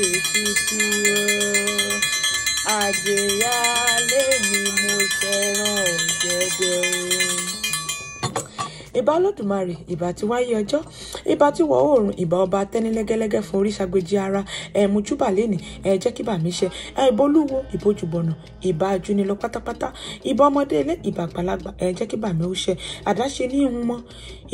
ṣètùtù o àjèyá lèmi mo ṣẹran ọ̀gẹ̀dẹ̀ o ìbà olódùmarè ìbà ti wáyé ọjọ́ ìbà ti wọ̀ oòrùn ìbà ọba tẹ́ni lẹ́gẹ́lẹ́gẹ́ fún oríṣàgbèjì ara ẹ̀ẹ̀mú júbà lẹ́nì ẹ̀ẹ́jẹ́ kíbà mi ṣe ẹ̀ẹ́bólúwo ìbójúbọ̀nà ìbà ajúnilọ pátápátá ìbà ọmọdé ilé ìbà àgbàlagbà ẹ̀ẹ́jẹ́ kíbà mi ó ṣe àdáṣe ní ìhun mọ́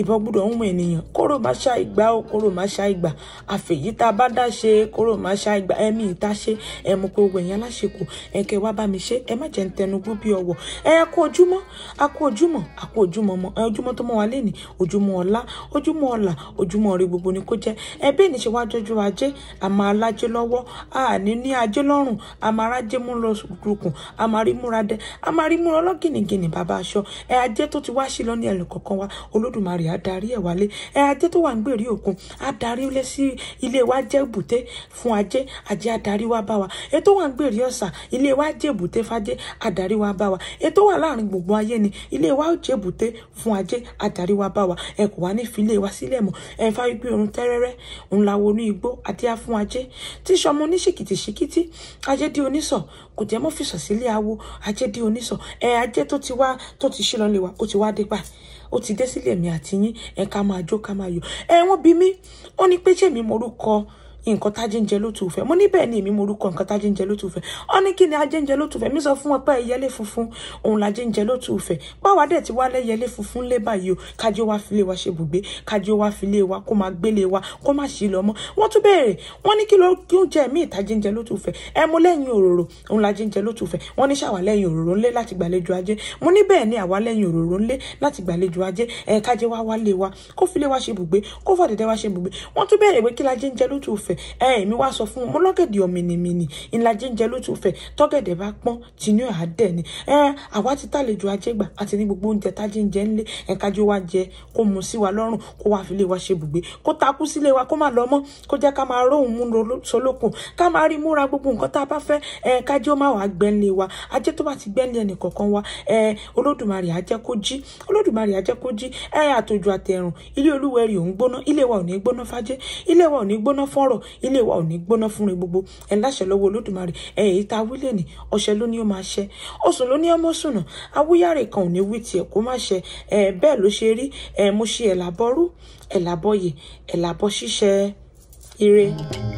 ìbà gbúdọ̀ ń mọ ènìyàn kóró má ṣá ìgbà ó kóró má ṣá ìgbà àfẹ̀yí tá a bá dá ṣe kóró má ṣá ìgbà ẹ̀mí ìta ṣe ẹ̀mú pé ogun ẹ̀yìn aláṣekù ẹ̀kẹ́ wá bá mi ṣe ẹ má jẹ́ ń tẹnu gbó bí ọwọ́ ẹ̀ kú ojúmọ́ a kú ojúmọ́ a kú ojúmọ́ mọ́ ojúmọ́ tó mọ́ wa lé lẹ́nì ojúmọ́ ọlá ojúmọ́ ọlà ojúmọ́ rí gbogbo ni kó jẹ́ ẹbí ní ṣe wá jọjú ajé àmà alájé lọ́wọ́ àní ní ajé lọ́rùn àmà arájé mú lọ rukùn àmà rí dẹ àmà rí múra bàbá aṣọ ẹ ajé tó ti wá sí lọ ní ẹnì kọ̀ọ̀kan wa olódùmarè á darí ẹ̀ wálé ẹ ajé tó wà ń gbèrè òkun á darí lé sí ilé wa jẹ́ èbúté fún ajé ajé á darí wa bá wa ẹ tó wà ń gbèrè ọ̀sà ilé wa jẹ́ èbúté fájé á wa bá wa ẹ wà láàrin gbogbo ayé ni ilé wa ó jẹ́ èbúté fún ajé á dé wá bá wa ẹ kò wá ní ìfilé wa sílẹ̀ mọ́ ẹ ń fa wípé òun tẹ́rẹ́rẹ́ òun la wọnú igbó adé á fún ajé tí sọmọ oníṣìkìtì ṣìkìtì ajé dé onísọ kò jẹ́ mọ́ fìsọ̀ sílé awo ajé dé onísọ ẹ ajé tó ti wá tó ti ṣí lọ́lẹ̀ wa ó ti wá dé pa ó ti dé sílẹ̀ mi àti yín ẹ ká máa jó ká máa yọ̀ ẹ wọ́n bí mi ó ní pé jẹ́mi morúkọ nǹkan tájíǹjẹ ló tù fẹ́ mo níbẹ̀ ni èmi mo rúkọ nǹkan tájíǹjẹ ló tù fẹ́ ọ ní kí ni ajíǹjẹ ló tù fẹ́ mi sọ fún wọn pé ẹyẹlé funfun òun làjíǹjẹ ló tù fẹ́ báwa dẹ̀ ti wá lẹ́yẹlé funfun lé báyìí o kájí ó wá filé wa ṣe bùgbé kájí ó wá filé wa kó máa gbélé wa kó má ṣí lọ wọ́n tún béèrè wọ́n ní kí ló kí ó jẹ́ mí ìtajíǹjẹ ló tù fẹ́ ló tù fẹ́ wọ́n mo ní ni àwa lẹ́yìn òróró ńlé láti gbàlejò ajé ẹ kájí wá wá lé wa kó filé wa ṣe bùgbé fẹ́ ẹ èmi wá sọ fún wọn mo lọ́gẹ̀dẹ̀ ọ̀mìnìmìnì ìlàjì ń jẹ ló tún fẹ́ tọ́gẹ̀dẹ̀ bá pọ́n tìǹú àádẹ́ ni ẹ àwa ti tàlejò ajégbà àti ní gbogbo oúnjẹ tájí ń jẹ ńlé ẹ̀kájú wa jẹ kó mu sí wa lọ́rùn kó wá fi lé wa ṣe bùgbé kó takú sílé wa kó má lọ mọ́ kó jẹ́ ká máa róhùn mú solókun ká máa rí múra gbogbo nǹkan tá a bá fẹ́ ẹ kájí ó má wàá gbẹ́ńlé wa ajé tó bá ti gbẹ́ńlé ẹnì kọ̀ọ̀kan wa ẹ olódùmarè á jẹ́ kó jí olódùmarè á jẹ́ kó jí ẹ àtòjò àtẹ̀rùn ilé olúwẹ̀rì òun gbóná ilé wa ò ní gbóná fájé ilé wa ò ní gbóná fọ́rọ̀ ilé wa ò ní gbóná fún rin gbogbo ẹ̀ láṣẹ lọ́wọ́ olódùmarè ẹ̀ èyí tá a wí lẹ́ni ọ̀ṣẹ́ ló ní ó máa ṣẹ ọ̀sùn ló ní ọmọ sùnà awúyàrè kan ò ní wí tiẹ̀ kó má ṣẹ ẹ̀ bẹ́ẹ̀ ló ṣe rí ẹ̀ mo ṣe ẹ̀ làbọ́rú ẹ̀ làbọ́yè ẹ̀ làbọ́ ṣíṣẹ́ ire. Mm -hmm.